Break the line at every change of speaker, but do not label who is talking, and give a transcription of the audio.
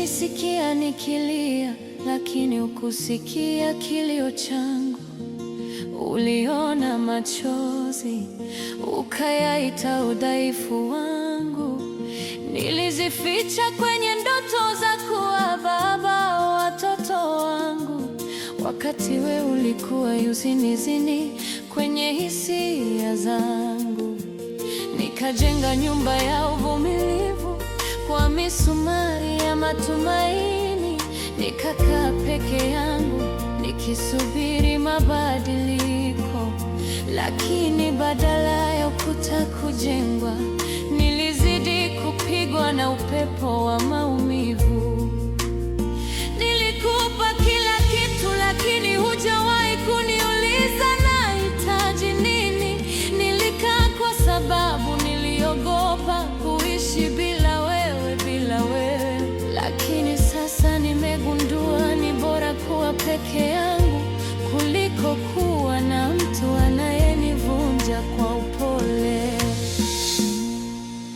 Ulinisikia nikilia, lakini ukusikia kilio changu. Uliona machozi, ukayaita udhaifu wangu. Nilizificha kwenye ndoto za kuwa baba wa watoto wangu, wakati we ulikuwa yuzinizini kwenye hisia zangu. Nikajenga nyumba ya uvumilivu kwa misumari matumaini, nikakaa peke yangu nikisubiri mabadiliko, lakini badala ya ukuta lakini sasa nimegundua ni bora kuwa peke yangu.